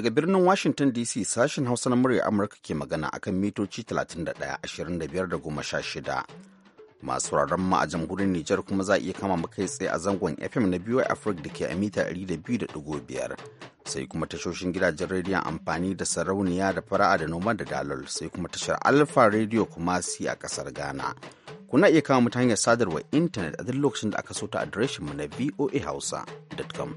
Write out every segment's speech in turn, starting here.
Daga birnin Washington DC sashen Hausa na murya Amurka ke magana akan mitoci 31 shida Masu rarren ma a jamhuriyar Nijar kuma za a iya kama kai tsaye a zangon FM na BY Africa da ke a mita 200.5 sai kuma tashoshin gidajen rediyon amfani da sarauniya da fara'a da noma da dalol sai kuma tashar Alfa rediyo kuma si a kasar Ghana. Kuna iya kama mutane ta hanyar sadarwar intanet a duk lokacin da aka so ta adireshinmu na voahausa.com.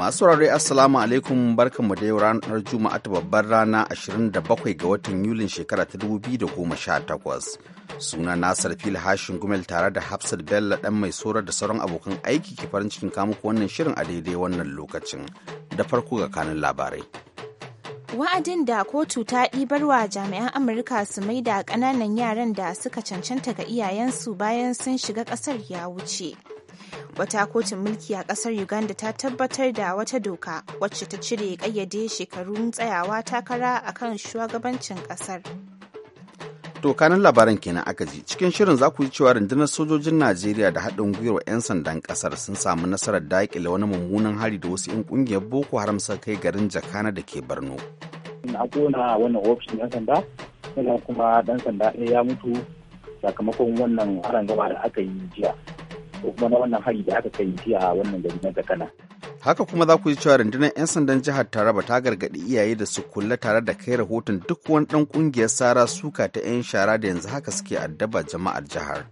Masu saurare Assalamu alaikum barkanmu da yau ranar Juma'a ta babbar rana 27 ga watan Yulin shekara ta 2018. Suna Nasar Fil Hashin Gumel tare da Hafsat Bello dan mai sorar da sauran abokan aiki ke farin cikin kamuku wannan shirin a daidai wannan lokacin. Da farko ga kanin labarai. wa'adin da kotu ta ɗibar wa jami'an amurka su maida ƙananan yaran da suka cancanta ga iyayensu bayan sun shiga ƙasar ya wuce wata kotun mulki a kasar uganda ta tabbatar da wata doka wacce ta cire kayyade shekarun tsayawa takara a kan shugabancin kasar to kanin labaran kenan aka ji cikin shirin za ku yi cewa rundunar sojojin najeriya da haɗin gwiwar 'yan sandan ƙasar sun samu nasarar daƙile wani mummunan hari da wasu 'yan ƙungiyar boko haram suka kai garin jakana da ke borno na kona wannan ofishin 'yan sanda sannan kuma ɗan sanda ɗaya ya mutu sakamakon wannan harin gaba da aka yi jiya ko kuma na wannan hari da aka kai jiya a wannan gari na kana. Haka kuma za ku yi cewa rundunar 'yan sandan jihar Taraba ta gargaɗi iyaye da su kula tare da kai rahoton duk wani ɗan ƙungiyar Sara suka ta 'yan shara da yanzu haka suke addaba jama'ar jihar.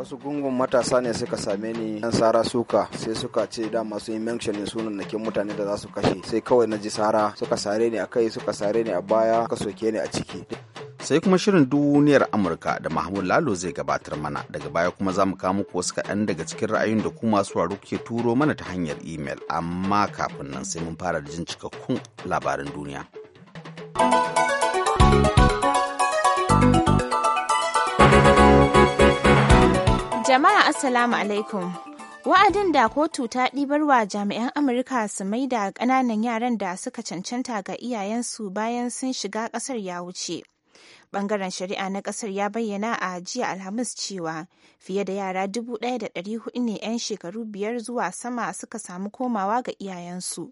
wasu gungun matasa ne suka same ni yan sara suka sai suka ce da masu yin mentionin sunan nakin mutane da za su kashe sai kawai na ji sara suka sare ni a kai suka sare ni a baya suka soke ni a ciki sai kuma shirin duniyar amurka da mahmud lalo zai gabatar mana daga baya kuma za mu kawo muku wasu kaɗan daga cikin ra'ayin da kuma masu waro ke turo mana ta hanyar imel amma kafin nan sai mun fara da jin cikakkun labarin duniya jama'a assalamu alaikum wa'adin da kotu ta ɗibar wa jami'an amurka su mai da ƙananan yaran da suka cancanta ga iyayensu bayan sun shiga ƙasar ya wuce Bangaren shari'a na kasar ya bayyana a jiya Alhamis cewa fiye da yara 1,400 ne 'yan shekaru biyar zuwa sama suka samu komawa ga iyayensu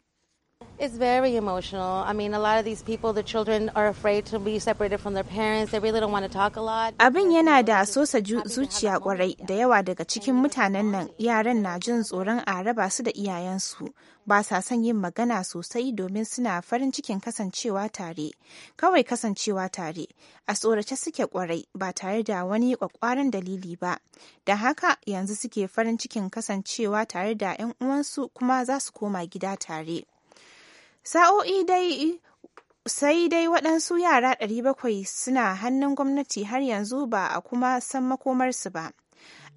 It's very emotional. I mean, a lot of these people, the children are afraid to be separated from their parents. They really don't want to talk a lot. Abin yana da sosa zuciya kwarai da yawa daga cikin mutanen nan yaran na jin tsoron a raba su da iyayensu. Ba sa son yin magana sosai domin suna farin cikin kasancewa tare. Kawai kasancewa tare. A tsorace suke kwarai ba tare da wani kwakwaran dalili ba. Da haka yanzu suke farin cikin kasancewa tare da 'yan uwansu kuma za su koma gida tare. Sa'o'i dai sai dai waɗansu yara 700 suna hannun gwamnati har yanzu ba a kuma san makomarsu ba.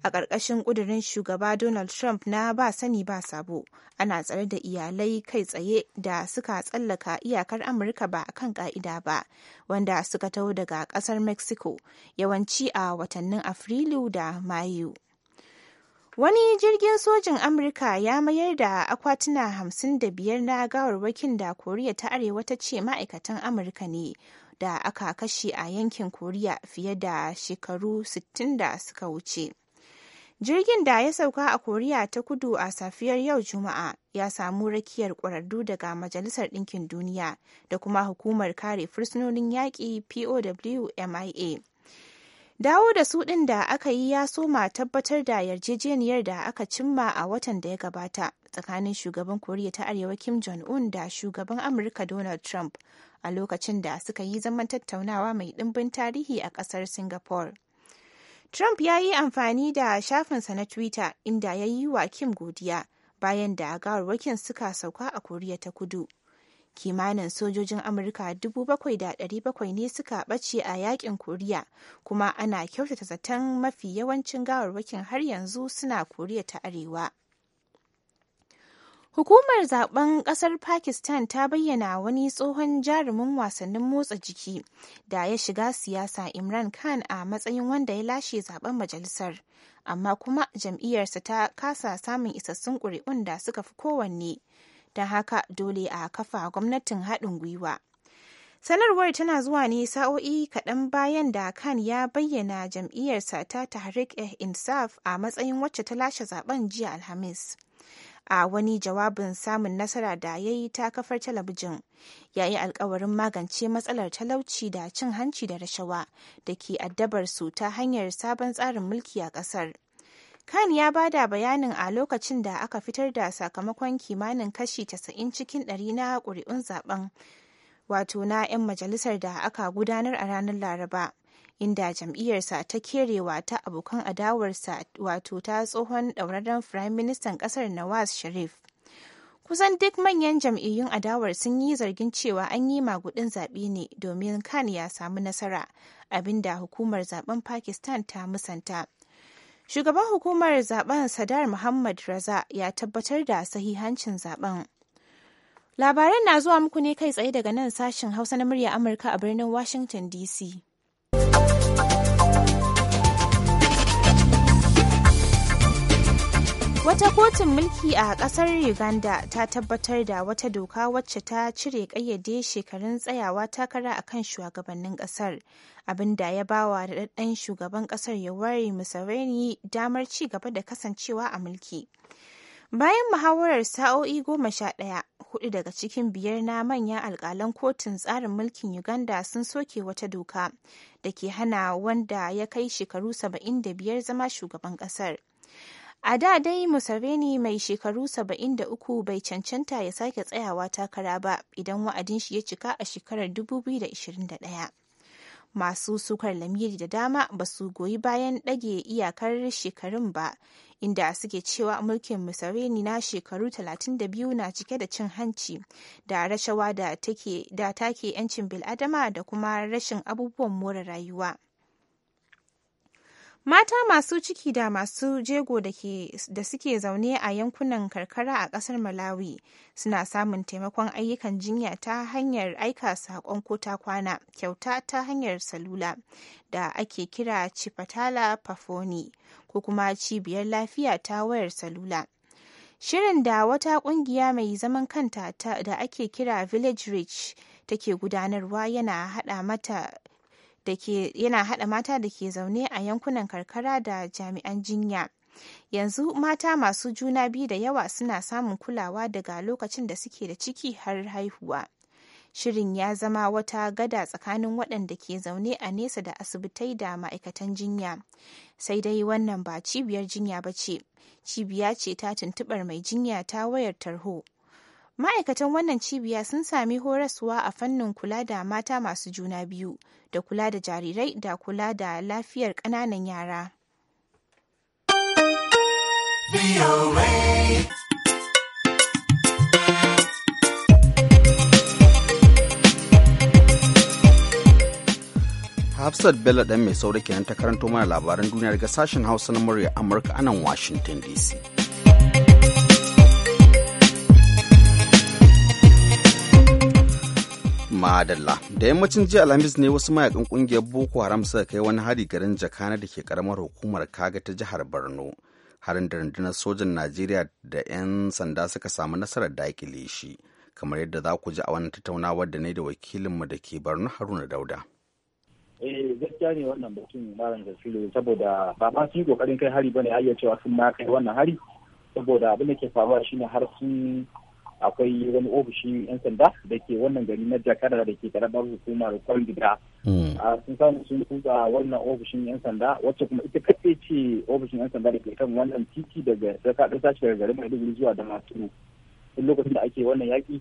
a ƙarƙashin ƙudurin shugaba Donald Trump na ba sani ba sabo ana tsare da iyalai kai tsaye da suka tsallaka iyakar Amurka ba kan ƙa'ida ba wanda suka taho daga ƙasar Mexico yawanci a watannin Afrilu da Mayu. Wani jirgin sojin Amurka ya mayar da akwatuna hamsin da biyar na gawarwakin da Koriya ta Arewa ta ce ma'aikatan Amurka ne da aka kashe a yankin Koriya fiye da shekaru 60 da suka wuce. Jirgin da ya sauka a Koriya ta kudu a safiyar yau Juma'a ya samu rakiyar ƙwararru daga Majalisar Ɗinkin Duniya da kuma Hukumar Kare Fursunonin Yaƙi POWMIA. Dawo da su ɗin da aka yi ya soma tabbatar da yarjejeniyar da aka cimma a watan da ya gabata tsakanin shugaban Koriya ta Arewa Kim Jong-un da shugaban Amurka Donald Trump a lokacin da suka yi zaman tattaunawa mai ɗimbin tarihi a ƙasar Singapore. Trump ya yi amfani da shafinsa na Twitter inda ya yi wa Kim godiya bayan da gawarwakin suka sauka a Koriya ta Kudu. kimanin sojojin amurka 7,700 ne suka ɓace a yakin koriya kuma ana kyautata zaton mafi yawancin gawarwakin har yanzu suna koriya ta arewa Hukumar zaben kasar Pakistan ta bayyana wani tsohon jarumin wasannin motsa jiki da ya shiga siyasa Imran Khan a matsayin wanda ya lashe zaben majalisar, amma kuma jam'iyyarsa ta kasa samun isassun ƙuri'un da suka fi kowanne. don haka dole a kafa gwamnatin haɗin gwiwa. Sanarwar tana zuwa ne sa'o'i kaɗan bayan da kan ya bayyana jam'iyyarsa ta Tahrik Insaf a matsayin wacce ta lashe zaben jiya Alhamis. A wani jawabin samun nasara da ya yi ta kafar talabijin, ya yi alkawarin magance matsalar talauci da cin hanci da rashawa da ke addabar su ta hanyar sabon tsarin mulki a ƙasar. Khan ya bada bayanin a lokacin da aka fitar da sakamakon kimanin kashi 90 cikin ɗari na ƙuri'un zaben wato na 'yan majalisar da aka gudanar a ranar Laraba. inda jam'iyyarsa ta kerewa ta abokan adawarsa wato ta tsohon ɗauraren firayim ministan ƙasar nawaz sharif kusan duk manyan jam'iyyun adawar sun yi zargin cewa an yi magudin zaɓe ne domin khan ya samu nasara abinda hukumar zaben pakistan ta musanta Shugaban hukumar zaben Sadar Muhammad Raza ya tabbatar da sahihancin zaben. Labaran na zuwa muku ne kai tsaye daga nan sashen Hausa na murya Amurka a birnin Washington DC. Wata kotun mulki a kasar Uganda ta tabbatar da wata doka wacce ta cire ƙayyade shekarun tsayawa takara a kan shugabannin ƙasar, abinda ya bawa daɗaɗɗen shugaban ƙasar Yoweri Museveni damar ci gaba da kasancewa a mulki. Bayan muhawarar sa'o'i goma sha ɗaya, hudu daga cikin biyar na manyan alkalan kotun tsarin mulkin Uganda sun soke wata doka da ke hana wanda ya kai shekaru 75 zama shugaban ƙasar. A da dai Museveni mai shekaru 73 bai cancanta ya sake tsayawa takara ba idan wa'adin shi ya cika a shekarar 2021. Masu sukar lamiri da dama ba su goyi bayan ɗage iyakar shekarun ba, inda suke cewa mulkin Museveni na shekaru 32 na cike da cin hanci da rashawa da take 'yancin bil'adama da kuma rashin abubuwan more rayuwa. Mata masu ciki da masu jego da suke zaune a yankunan karkara a kasar Malawi suna samun taimakon ayyukan jinya ta hanyar aika saƙon ko ta kwana kyauta ta hanyar salula da ake kira cipatala Pafoni ko kuma cibiyar lafiya ta wayar salula. Shirin da wata ƙungiya mai zaman kanta da ake kira Village rich take gudanarwa yana hada mata da yana haɗa mata da ke zaune a yankunan karkara da jami'an jinya yanzu mata masu juna biyu da yawa suna samun kulawa daga lokacin da suke da ciki har haihuwa shirin ya zama wata gada tsakanin waɗanda ke zaune a nesa da asibitai da ma'aikatan jinya sai dai wannan ba cibiyar jinya ba ce cibiya ce ta tuntuɓar mai jinya ta wayar tarho Ma'aikatan wannan cibiya sun sami horaswa a fannin kula da mata masu juna biyu da kula da jarirai da kula da lafiyar ƙananan yara. Hafsat Bello ɗan mai sauri kenan ta karanto mana labaran duniya daga sashen Hausa na murya Amurka anan Washington DC. Madalla. Da yammacin jiya Alhamis ne wasu mayakan kungiyar Boko Haram suka kai wani hari garin Jakana da ke karamar hukumar Kaga ta jihar Borno. Harin da rundunar sojan Najeriya da 'yan sanda suka samu nasarar dakile shi. Kamar yadda za ku ji a wani tattaunawar da ne da wakilinmu da ke Borno Haruna Dauda. eh gaskiya ne wannan mutum malam gaskiya saboda ba ma su yi kokarin kai hari bane har cewa sun ma kai wannan hari saboda abin ke faruwa shine har sun akwai wani ofishin yan sanda da ke wannan gari na jakara da ke karamar hukumar kwangida hmm. ah, sun samu sun kusa wannan ofishin yan sanda wacce kuma ita kaɗai ce ofishin yan sanda da ke kan wannan titi daga da sashi daga garin maiduguri zuwa da masu lokacin da ake wannan yaki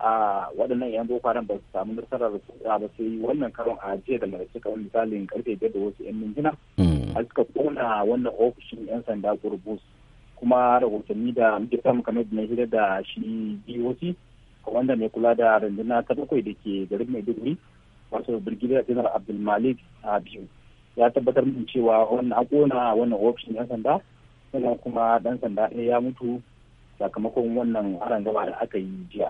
a ah, waɗannan yan boko haram ba su samu nasarar ba su yi wannan karon a jiya da mara cika wani misalin karfe biyar da wasu yan mintuna hmm. a suka kona wannan ofishin yan sanda gurbus kuma rahotanni da muke samu kamar da na hira da shi DOC wanda mai kula da runduna ta bakwai da ke garin Maiduguri wato Brigadier General Abdulmalik a biyu ya tabbatar min cewa wannan a kona wannan ofishin yan sanda sannan kuma dan sanda ɗaya ya mutu sakamakon wannan aron gaba da aka yi jiya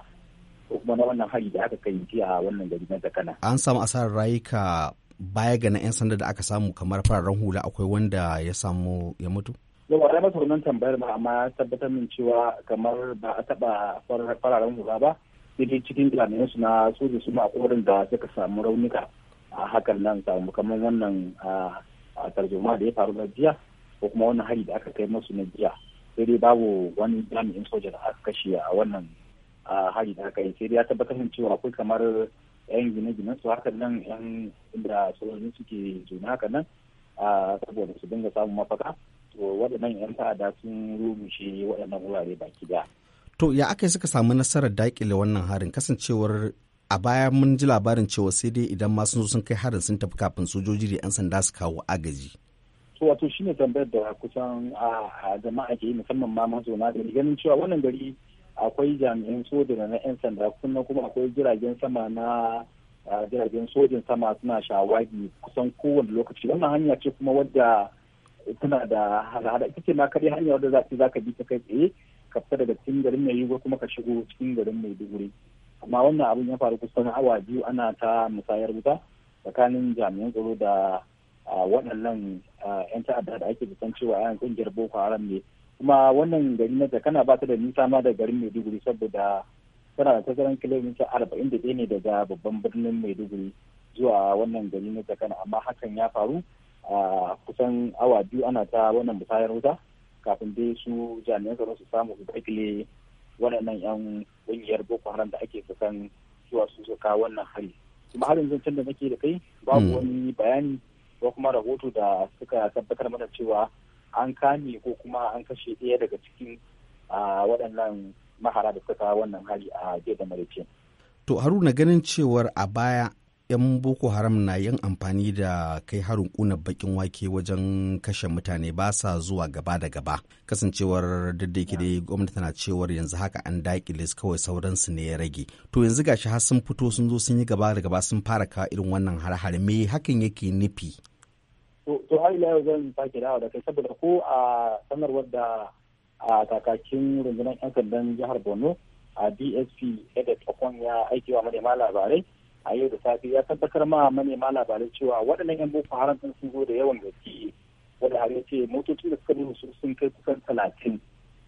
ko kuma na wannan hari da aka kai jiya a wannan gari na Dakana an samu asarar rayuka baya ga na 'yan sanda da aka samu kamar fararen hula akwai wanda ya samu ya mutu? yau a masa wannan tambayar ba amma ya tabbatar min cewa kamar ba a taba fararen hula ba sai cikin ilanin su na soja su ma korin da suka samu raunuka a hakan nan samu kamar wannan tarjuma da ya faru na jiya ko kuma wannan hari da aka kai masu na jiya sai dai babu wani jami'in soja da aka kashe a wannan hari da aka yi sai dai ya tabbatar min cewa akwai kamar yan gine-ginen su hakan nan yan inda sojojin suke juna hakan nan saboda su dinga samun mafaka waɗannan 'yan ta'ada sun rumushe waɗannan wurare baki da. To ya aka suka samu nasarar daƙile wannan harin kasancewar a baya mun ji labarin cewa sai dai idan masu sun sun kai harin sun tafi kafin sojoji da 'yan sanda su kawo agaji. To wato shi ne tambayar da kusan a jama'a ke yi musamman ma mazauna da ganin cewa wannan gari akwai jami'an soja na 'yan sanda kuma kuma akwai jiragen sama na jiragen sojin sama suna shawagi kusan kowane lokaci wannan hanya ce kuma wadda tana da hada-hada ita ce ma kaɗai hanya wadda za za ka bi ta kai tsaye ka fita daga cikin garin mai yugo kuma ka shigo cikin garin maiduguri amma wannan abin ya faru kusan awa biyu ana ta musayar wuta tsakanin jami'an tsaro da waɗannan 'yan ta'adda da ake bisan cewa 'yan kungiyar boko haram ne kuma wannan gari na jakana ba ta da nisa ma da garin maiduguri saboda tana da tazaran kilomita arba'in da ɗaya ne daga babban birnin maiduguri zuwa wannan gari na jakana amma hakan ya faru a kusan awa biyu ana ta wannan musayar wuta kafin dai su jami'an tsaro su samu su dakile waɗannan 'yan ƙungiyar boko haram da ake kusan zuwa su su kawo wannan hari kuma harin zancen da nake da kai babu hmm. wani bayani ko kuma rahoto da suka tabbatar mana cewa an kame ko kuma an kashe ɗaya daga cikin waɗannan mahara da suka kawo wannan hari a jiya da maraice. to haruna ganin cewar a baya 'yan boko haram na yin amfani da kai harin kuna bakin wake wajen kashe mutane ba sa zuwa gaba da gaba kasancewar daidai dai gwamnati tana cewar yanzu haka an daƙile kawai sauransu ne ya rage to yanzu gashi har sun fito sun zo sun yi gaba da gaba sun fara kawo irin wannan har-har me hakan yake nufi to har ila yau zan sake dawo da kai saboda ko a sanarwar da a kakakin rundunar 'yan sandan jihar borno a dsp edit okon ya aiki wa manema labarai a yau da safe ya tabbatar ma manema labarai cewa waɗannan 'yan boko haram ɗin sun zo da yawan gaske wanda har yace ce motocin da suka nuna sun kai kusan talatin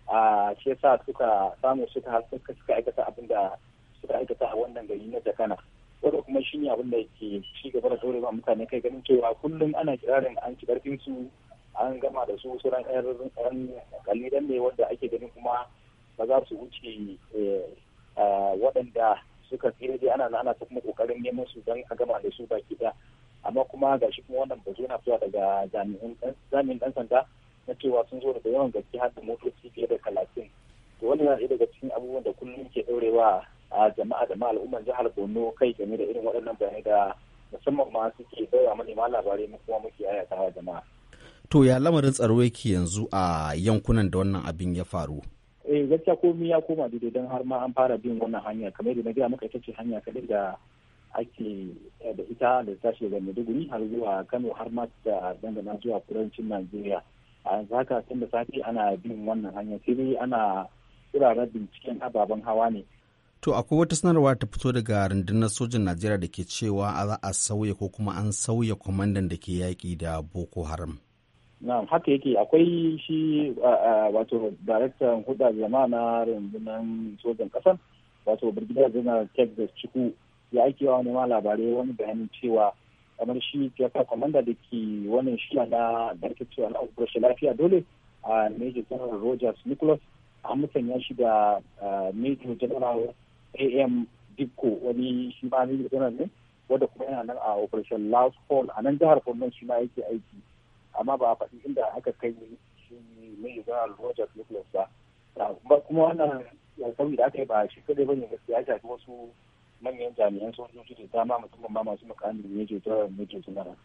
a shi yasa suka samu suka har suka aikata abin da suka aikata a wannan gari na jakana wanda kuma shi ne abin da ke ci gaba da a mutane kai ganin cewa kullum ana kirarin an ci ƙarfin su an gama da su su sauran yan dan ne wanda ake ganin kuma ba za su wuce eh, waɗanda suka tsira dai ana ana ta kuma kokarin neman su don a gama da su baki da amma kuma ga shi kuma wannan bazo na fitowa daga jami'in dan sanda na cewa sun zo daga yawan gaske har da motoci fiye da talatin to wannan yana daga cikin abubuwan da kullum ke ɗorewa a jama'a da al'ummar jihar borno kai game da irin waɗannan bayanai da musamman ma suke baiwa manema labarai mu kuma muke ayatawa jama'a to ya lamarin tsaro yake yanzu a yankunan da wannan abin ya faru eh gaskiya komai ya koma daidai don har ma an fara bin wannan hanya kamar yadda na gaya maka ita ce hanya kaɗai da ake eh, da ita da tashi da maiduguri har zuwa kano har ma da dangana zuwa kudancin najeriya a yanzu haka tun da safe ana bin wannan hanya sai dai ana tsirarar binciken ababen hawa ne To akwai wata sanarwa ta fito daga rundunar sojin Najeriya da ke cewa a za a sauya ko kuma an sauya kwamandan da ke yaƙi da Boko Haram. na'am haka yake akwai shi wato daraktan hudu jama'a na rundunar sojan kasan wato brigadier zina tek ciku ya ake wa ma labarai wani bayanin cewa kamar shi jaka kwamanda da ke wannan shila na da cewa na operation lafiya dole a major general rogers nicholas an musanya shi da major general am dikko wani shi ma ne wadda kuma yana nan a operation last hall a nan jihar kwamman shi ma yake aiki amma ba a faɗi inda aka kai shi mai general roger nicholas ah, ba kuma wannan sauyi da aka yi ba shi kadai bane gaskiya ya shafi wasu manyan jami'an sojoji da dama musamman ma masu mukamin major general major general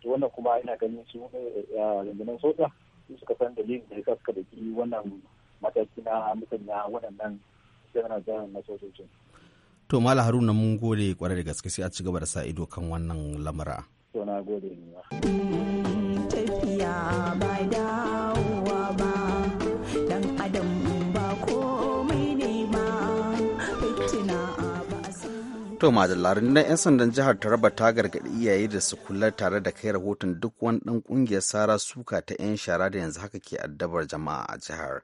to wannan kuma ina ganin su eh, ah, rundunar soja su suka san dalilin da ya suka da wannan mataki na musanya waɗannan general general na sojojin to mala haruna mun gode kwarai da gaske sai a ci gaba da sa ido kan wannan lamura to na gode ne Ya ba dawowa ba dan adam ba komai ne ba fitina ba to na 'yan sandan jihar taraba ta gargaɗi iyaye da su kula tare da kai rahoton duk wani ɗan ƙungiyar sara suka ta 'yan shara da yanzu haka ke addabar jama'a a jihar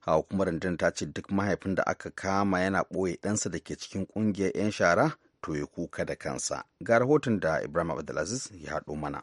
hawa kuma rundunar ta ce duk mahaifin da aka kama yana ɓoye ɗansa da ke cikin ƙungiyar 'yan shara to ya kuka da kansa ga rahoton da ibrahim abdulaziz ya haɗo mana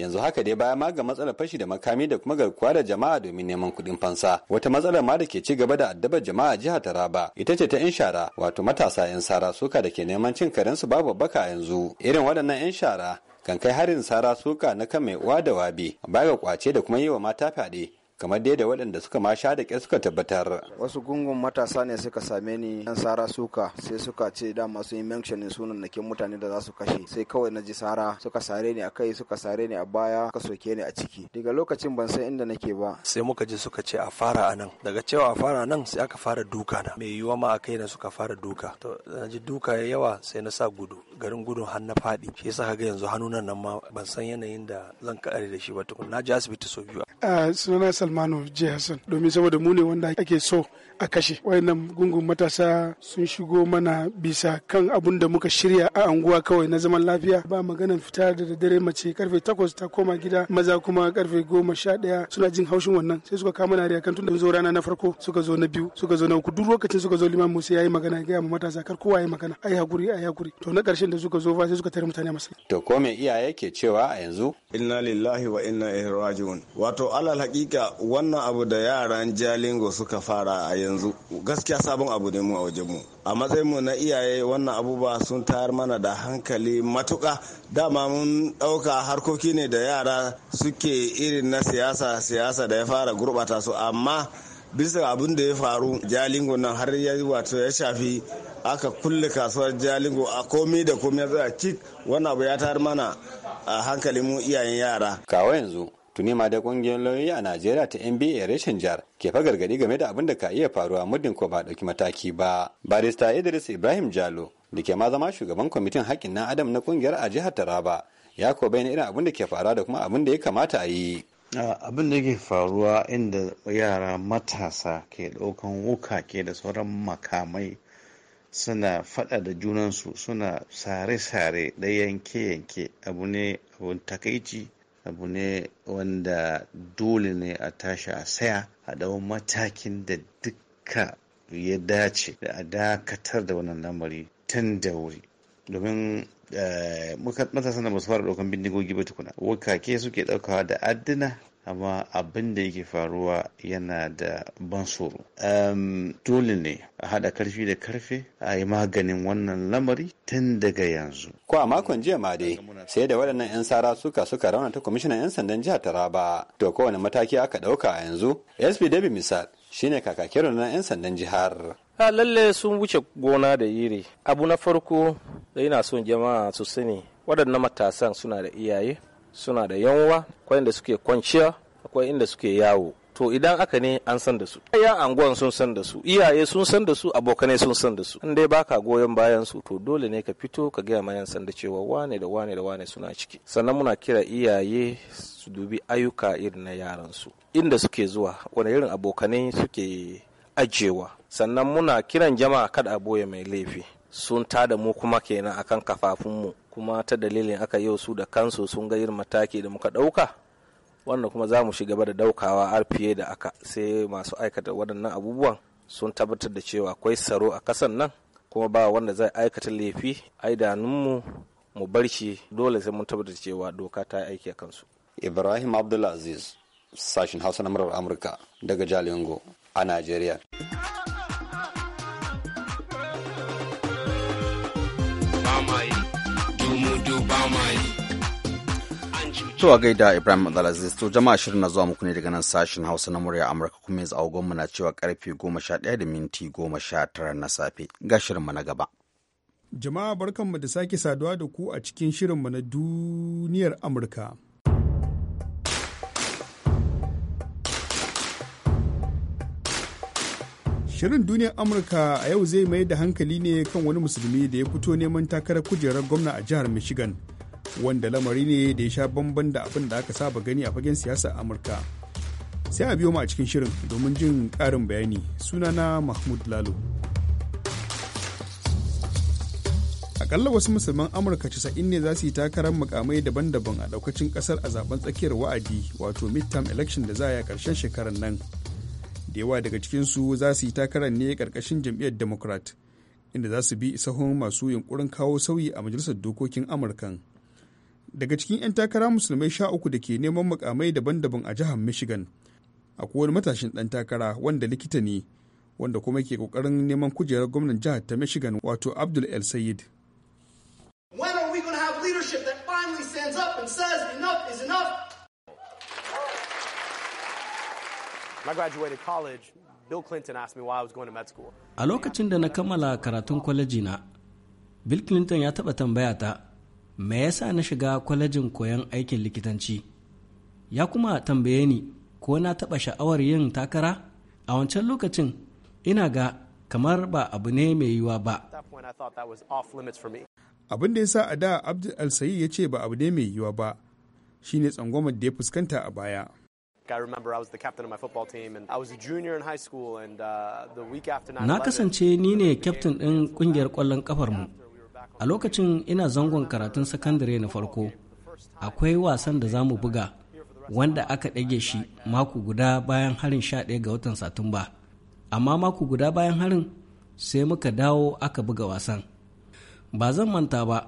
yanzu haka dai baya ma ga matsalar fashi da makami da kuma garkuwa da jama'a domin neman kuɗin fansa wata matsalar ma da ke ci gaba da addabar jama'a jihar Taraba ita ce ta yan shara wato matasa yan sara suka da ke neman cin karensu babu baka yanzu irin waɗannan yan shara kan kai harin sara suka na kan mai uwa da wabi baya ga kwace da kuma yi wa mata fyaɗe kamar dai da waɗanda suka ma sha da ƙyar suka tabbatar. Wasu gungun matasa ne suka same ni yan sara suka sai suka ce dama sun yi mention sunan nakin mutane da za su kashe sai kawai na ji sara suka sare ni a kai suka sare ni a baya ka soke ni a ciki daga lokacin ban san inda nake ba. Sai muka ji suka ce a fara a nan daga cewa a fara nan sai aka fara duka na mai yiwuwa ma a kai na suka fara duka to na ji duka ya yawa sai na sa gudu garin gudun har na faɗi shi yasa ga yanzu hannunan nan ma ban san yanayin da zan kaɗare da shi ba tukun na ji asibiti sau biyu. Ah, Suna salmanu j hassan domin saboda mu ne wanda ake so a kashe wayannan gungun matasa sun shigo mana bisa kan abun da muka shirya a anguwa kawai na zaman lafiya ba maganan fita da dare mace karfe takwas ta koma gida maza kuma karfe goma sha ɗaya suna jin haushin wannan sai suka kama nariya kan tunda zo rana na farko suka zo na biyu suka zo na uku duk lokacin suka zo liman musa yi magana ga mu matasa kar kowa yi magana ai hakuri ai hakuri to na karshen da suka zo fa sai suka tare mutane masu to ko me iyaye ke cewa a yanzu inna lillahi wa inna ilaihi wato alal hakika wannan abu da yaran jalingo suka fara a yanzu yanzu gaskiya sabon abu ne mu a wajen mu a matsayin mu na iyaye wannan abubuwa sun tayar mana da hankali matuka dama mun ɗauka harkoki ne da yara suke irin na siyasa siyasa da ya fara gurɓata su amma bisa abin da ya faru jalingo nan har ya wato ya shafi aka kulle kasuwar jalingo a komi da komi ya tsaya cik wannan abu ya tayar mana a hankalin mu iyayen yara kawai yanzu tuni ma da kungiyoyin lauyoyi a najeriya ta nba reshen jar ke fa gargadi game da abin da ka iya faruwa muddin ko ba dauki mataki ba barista idris ibrahim jalo da ke ma zama shugaban kwamitin haƙƙin na adam na kungiyar a jihar taraba ya ko bayyana irin abin da ke faruwa da kuma abin da ya kamata a yi abin da ke faruwa inda yara matasa ke ɗaukan wuka ke da sauran makamai suna faɗa da junansu suna sare-sare da yanke-yanke abu ne abun takaici abu ne wanda dole ne a tashi a saya a dau matakin da duka ya dace da a dakatar da wannan lamari tun da wuri domin eh, matasan da ba su fara daukan bindigogi ba tukuna wakake suke ɗaukawa da adduna amma abin da yake faruwa yana da ban tsoro ehm, dole ne a haɗa karfi da karfe a yi maganin wannan lamari tun daga yanzu ko a makon jiya ma dai sai da waɗannan 'yan sara suka suka ta kwamishinan 'yan sandan jihar taraba to kowane mataki aka ɗauka a yanzu SP dabi misal shine kakakin na 'yan sandan jihar a lalle sun wuce gona da yiri. abu na farko da yana son jama'a su sani waɗannan matasan suna da iyaye suna da yanwa akwai inda suke kwanciya akwai inda suke yawo to idan aka ne an san da su ya anguwan sun san da su iyaye sun san da su abokanai sun san da su in dai baka goyon bayan su to dole ne ka fito ka gaya ma yan san da cewa wane da wane da wane suna ciki sannan muna kira iyaye su dubi ayyuka irin na yaran su inda suke zuwa wani irin abokanai suke ajewa sannan muna kiran jama'a kada a boye mai laifi sun ta da mu kuma kenan akan kafafunmu kuma ta dalilin aka yau su da kansu sun ga yin mataki da muka ɗauka wanda kuma za mu shiga da daukawa har da aka sai masu aikata waɗannan abubuwan sun tabbatar da cewa akwai tsaro a kasan nan kuma ba wanda zai aikata laifi aidanunmu mu bar dole sai mun tabbatar da cewa doka ta yi aiki a kansu. Ibrahim Abdulaziz sashin Hausa na murar Amurka daga Jalingo a nigeria. To a gaida Ibrahim Abdulaziz to jama'a shirin na zuwa muku ne daga nan sashen Hausa na murya Amurka kuma yanzu mu na cewa karfe 11 da minti goma sha 19 na safe ga shirin mu na gaba. Jama'a barkanmu da sake saduwa da ku a cikin shirin mu na duniyar Amurka. Shirin duniyar Amurka a yau zai mai da hankali ne kan wani musulmi da ya fito neman takarar kujerar gwamna a jihar Michigan. wanda lamari ne da ya sha bamban da abin da aka saba gani a fagen siyasa amurka sai a biyo mu a cikin shirin domin jin karin bayani suna na mahmud lalo akalla wasu musulman amurka 90 ne za su yi takarar mukamai daban-daban a daukacin kasar a zaben tsakiyar wa'adi wato midterm election da za a yi a karshen shekarar nan da yawa daga cikinsu za su yi takarar ne karkashin jam'iyyar democrat inda za su bi sahun masu yunkurin kawo sauyi a majalisar dokokin amurkan daga cikin 'yan takara musulmai sha uku da ke neman mukamai daban-daban a jihar michigan akwai wani matashin dan takara wanda likita ne wanda kuma ke kokarin neman kujerar gwamnan jihar ta michigan wato abdul el sayid A lokacin da na kammala karatun kwaleji na, Bill Clinton ya taɓa tambaya ta me yasa na shiga kwalejin koyon aikin likitanci ya kuma tambaye ni ko na taɓa sha'awar yin takara a wancan lokacin ina ga kamar ba abu ne mai yiwa ba abin da ya sa a da abdul alsayi ya ce ba abu ne mai yiwa ba shine tsangwamar da ya fuskanta a baya uh, na kasance ni ne kyaftin ɗin ƙungiyar ƙwallon ƙafar mu A lokacin ina zangon karatun sakandare na farko, akwai wasan da za mu buga wanda aka ɗage shi mako guda bayan harin 11 ga watan Satumba. Amma mako guda bayan harin sai muka dawo aka buga wasan. Ba zan manta ba,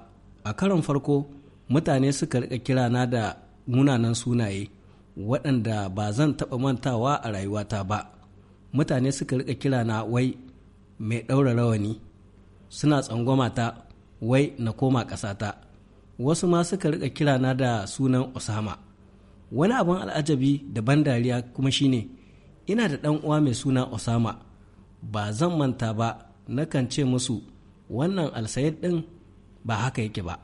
a karon farko mutane suka rika kirana da munanan sunaye waɗanda ba zan taɓa mantawa a rayuwata ba. Mutane suka rika na wai mai ɗaura rawani suna tsangwamata wai na koma ƙasata wasu ma suka rika kira na da sunan osama wani abin al'ajabi da ban dariya kuma shine ina da ɗan uwa mai suna osama ba zan manta ba na kan ce musu wannan alsayid ɗin ba haka yake ba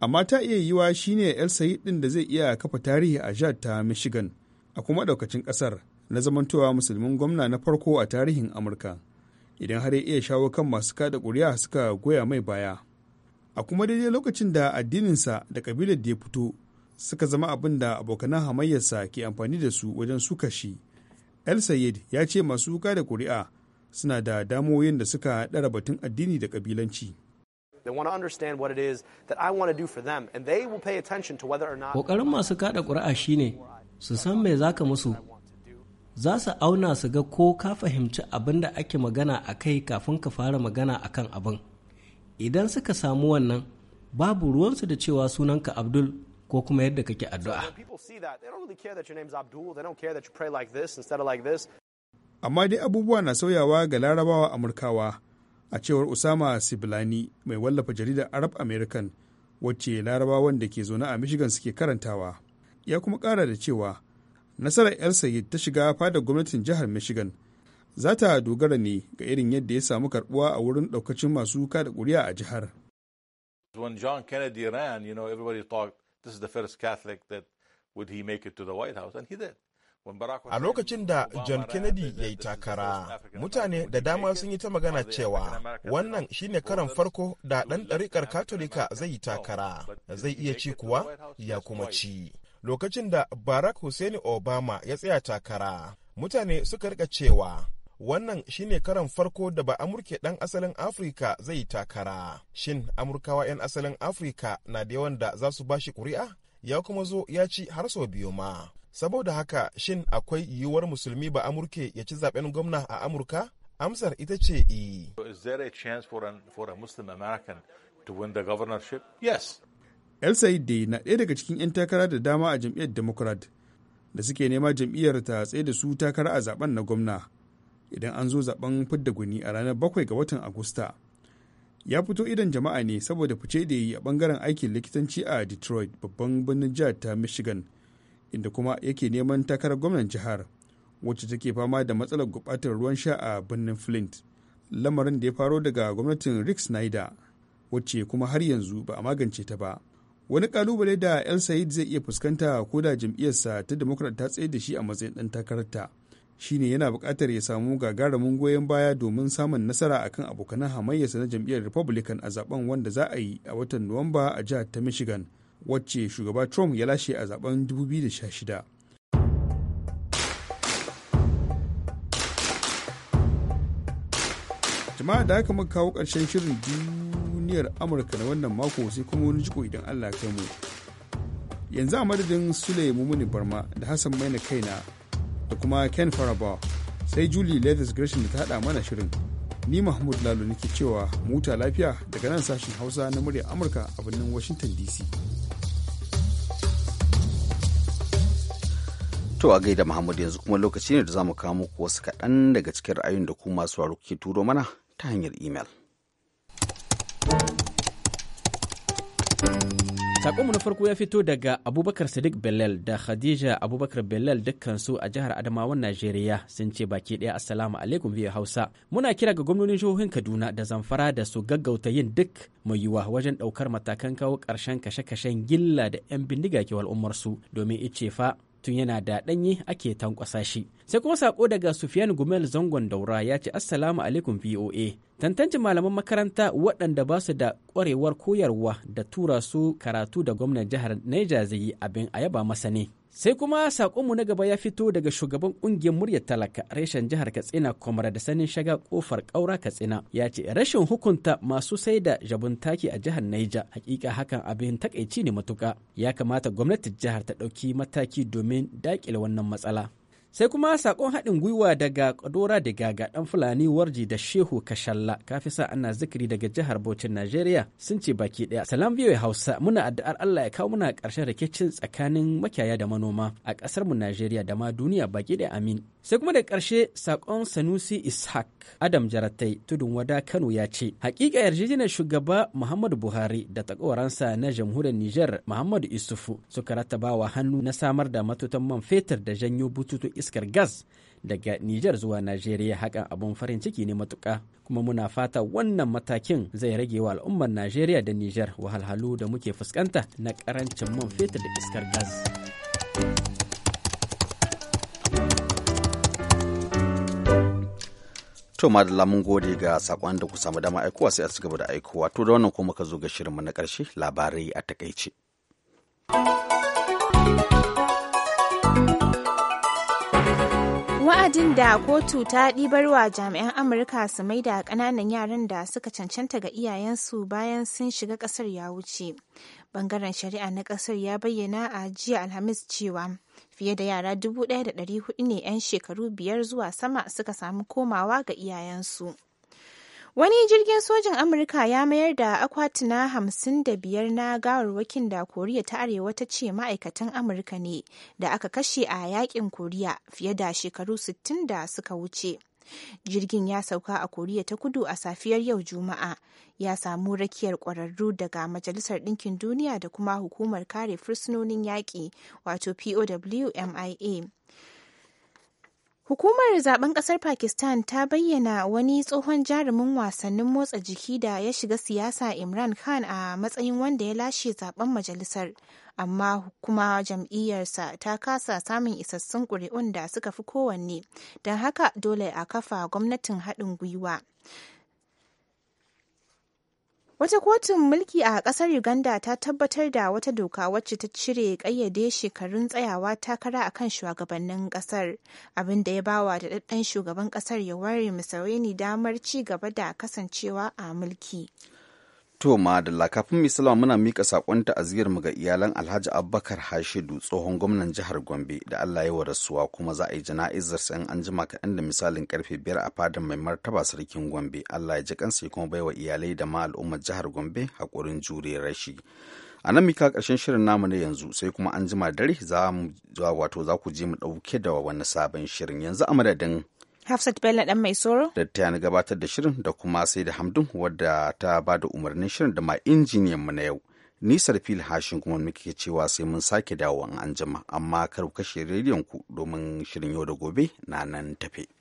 amma ta iya yiwa shine el sayid ɗin da zai iya kafa tarihi a jihar ta michigan a kuma ɗaukacin ƙasar na zamantowa musulmin gwamna na farko a tarihin amurka idan har ya iya shawo kan masu kada ƙuri'a suka goya mai baya a kuma daidai lokacin da addininsa da kabilar da ya fito suka zama abin da abokanan hamayyarsa ke amfani da su wajen suka shi el sayed ya ce masu wuka da ƙuri'a suna da damoyin da suka ɗara batun addini da ƙabilanci. Ƙoƙarin masu kada ƙuri'a shine su san me zaka musu za su auna su ga ko ka fahimci abin da ake magana a kai kafin ka fara magana a kan abin idan suka samu wannan babu ruwansu da cewa sunanka abdul ko kuma yadda kake addu'a amma dai abubuwa na sauyawa ga larabawa amurkawa a cewar usama sibilani mai wallafa jaridar arab american wacce larabawan da ke zaune a michigan suke karantawa ya kuma kara da cewa nasarar yar sayid ta shiga fadar gwamnatin jihar michigan za ta dogara ne ga irin yadda ya samu karbuwa a wurin daukacin masu kada kuri'a a jihar when john kennedy ran you know everybody thought first catholic that would he make A lokacin da John Kennedy ya yi takara, mutane da dama sun yi ta magana cewa wannan shine karan farko da ɗan ɗarikar Katolika zai yi takara, zai iya ci kuwa ya kuma ci. lokacin da Barack Hussein Obama ya tsaya takara. Mutane suka rika cewa wannan shine karan farko da ba amurke dan asalin afirka zai takara shin amurkawa 'yan asalin afirka na da yawan da za su bashi kuri'a ya kuma zo ya ci har sau biyu ma saboda haka shin akwai yiwuwar musulmi ba amurke ya ci zaben gwamna a amurka amsar ita ce yi. E. a chance for, for a muslim american El saidi na ɗaya daga cikin 'yan takara da dama a jam'iyyar Democrat da suke nema jam'iyyar ta tsaye da su takara a zaben na gwamna idan an zo zaben fidda gwani a ranar 7 ga watan Agusta. Ya fito idan jama'a ne saboda fice da yi a bangaren aikin likitanci a Detroit babban birnin jihar ta Michigan inda kuma yake neman takarar gwamnan jihar wacce take fama da matsalar gubatar ruwan sha a birnin Flint. Lamarin da ya faro daga gwamnatin Rick Snyder wacce kuma har yanzu ba a magance ta ba. wani kalubale da el sayid zai iya fuskanta ko da jam'iyyarsa ta democrat ta tsaye da shi a matsayin ɗan takararta shine yana buƙatar ya samu gagarumin goyon baya domin samun nasara akan abokanan hamayyarsa na jam'iyyar republican a zaben wanda za a yi a watan nuwamba a jihar ta michigan wacce shugaba trump ya lashe a zaben 2016 jama'a da aka muka kawo karshen shirin biyu duniyar amurka na wannan mako sai kuma wani jiko idan allah kai mu yanzu a madadin sule mumuni barma da hassan maina kaina da kuma ken faraba sai julie leathers gresham da ta hada mana shirin ni mahmud lalo nake cewa muta lafiya daga nan sashen hausa na muryar amurka a birnin washington dc To a gaida Muhammad yanzu kuma lokaci ne da za mu kawo muku wasu kaɗan daga cikin ra'ayin da ku masu ke turo mana ta hanyar imel. Sakonmu na farko ya fito daga Abubakar Sadiq Bellel da Khadija Abubakar Belal dukkansu a jihar Adamawan Najeriya sun ce baki ɗaya Assalamu alaikum biyu Hausa. Muna kira ga gwamnonin jihohin Kaduna da Zamfara da su gaggauta yin duk mai yiwuwa wajen ɗaukar matakan kawo ƙarshen kashe-kashen gilla da 'yan bindiga ke al'ummarsu domin ice fa tun yana da ɗanye ake tankwasa shi. Sai kuma sako daga Sufiyan Gumel Zangon Daura ya ce Assalamu alaikum VOA. Tantance malaman makaranta waɗanda ba su da ƙwarewar koyarwa da tura su karatu da gwamnan jihar Niger zai yi abin a yaba masa ne. sai kuma saƙonmu na gaba ya fito daga shugaban ƙungiyar muryar talaka reshen jihar katsina kwamara da sanin shaga ƙofar ƙaura katsina ya ce rashin hukunta masu sai da jabun taki a jihar naija hakika hakan abin takaici ne matuka ya kamata gwamnatin jihar ta ɗauki mataki domin daƙile wannan matsala sai kuma sakon haɗin gwiwa daga kadora da gaga ɗan fulani warji da shehu kashalla kafi sa ana zikiri daga jihar bauchin najeriya sun ce baki ɗaya salam biyu hausa muna addu'ar allah ya kawo muna ƙarshen rikicin tsakanin makiyaya da manoma a ƙasar mu najeriya da ma duniya baki ɗaya amin sai kuma da ƙarshe sakon sanusi ishaq adam jaratai tudun wada kano ya ce hakika yarjejeniyar shugaba muhammadu buhari da takwaransa na jamhuriyar niger muhammadu isufu suka wa hannu na samar da matutan man fetur da janyo bututun iskar gas daga Nijar zuwa Najeriya hakan abun farin ciki ne matuka kuma muna fata wannan matakin zai rage wa al'ummar Najeriya da Nijar wahalhalu da muke fuskanta na karancin man fetur da iskar gas. To madalla mun gode ga sakon da ku samu dama aikowa sai a ci gaba da aikowa to da wannan kuma ka zo ga shirin mu na ƙarshe labarai a takaice. wa'adin da kotu ta ɗibarwa jami'an amurka su maida ƙananan yaran da suka cancanta ga iyayensu bayan sun shiga ƙasar ya wuce bangaren shari'a na ƙasar ya bayyana a jiya alhamis cewa fiye da yara 1,400 ne 'yan shekaru biyar zuwa sama suka samu komawa ga iyayensu. Wani jirgin sojin Amurka ya mayar da akwatina hamsin da biyar na gawarwakin da Koriya ta Arewa ta ce ma'aikatan Amurka ne da aka kashe a yakin Koriya fiye da shekaru 60 da suka wuce. jirgin ya sauka a koriya ta kudu a safiyar yau juma'a ya samu rakiyar kwararru daga majalisar ɗinkin duniya da kuma hukumar kare fursunonin yaƙi wato powmia Hukumar zaben kasar Pakistan ta bayyana wani tsohon jarumin wasannin motsa jiki da ya shiga siyasa Imran Khan a matsayin wanda ya lashe zaben majalisar, amma kuma jam'iyyarsa ta kasa samun isassun ƙuri'un da suka fi kowanne, don haka dole a kafa gwamnatin haɗin gwiwa. Wata kotun mulki a ƙasar Uganda ta tabbatar da wata doka wacce ta cire ƙayyade shekarun tsayawa takara a kan shugabannin ƙasar, abin da ya bawa da daɗaɗɗen shugaban ƙasar ware Museveni damar ci gaba da kasancewa a mulki. To madalla kafin mai muna mika sakon ta'aziyar mu ga iyalan Alhaji Abubakar Hashidu tsohon gwamnan jihar Gombe da Allah ya rasuwa kuma za a yi jana'izar sa an jima kaɗan da misalin karfe biyar a fadar mai martaba sarkin Gombe Allah ya ji kansa kuma bai wa iyalai da ma al'ummar jihar Gombe haƙurin jure rashi. a nan mika ƙarshen shirin namu na yanzu sai kuma an jima dare za mu wato za ku je mu ɗauke da wani sabon shirin yanzu a madadin Hafsat Bello dan mai soro. Da ta gabatar da shirin da kuma sai da Hamdun wadda ta ba da umarnin shirin da ma injiniyan mu na yau. Nisar fil hashin kuma muke cewa sai mun sake dawo an anjima amma kar ku kashe rediyon ku domin shirin yau da gobe na nan tafe.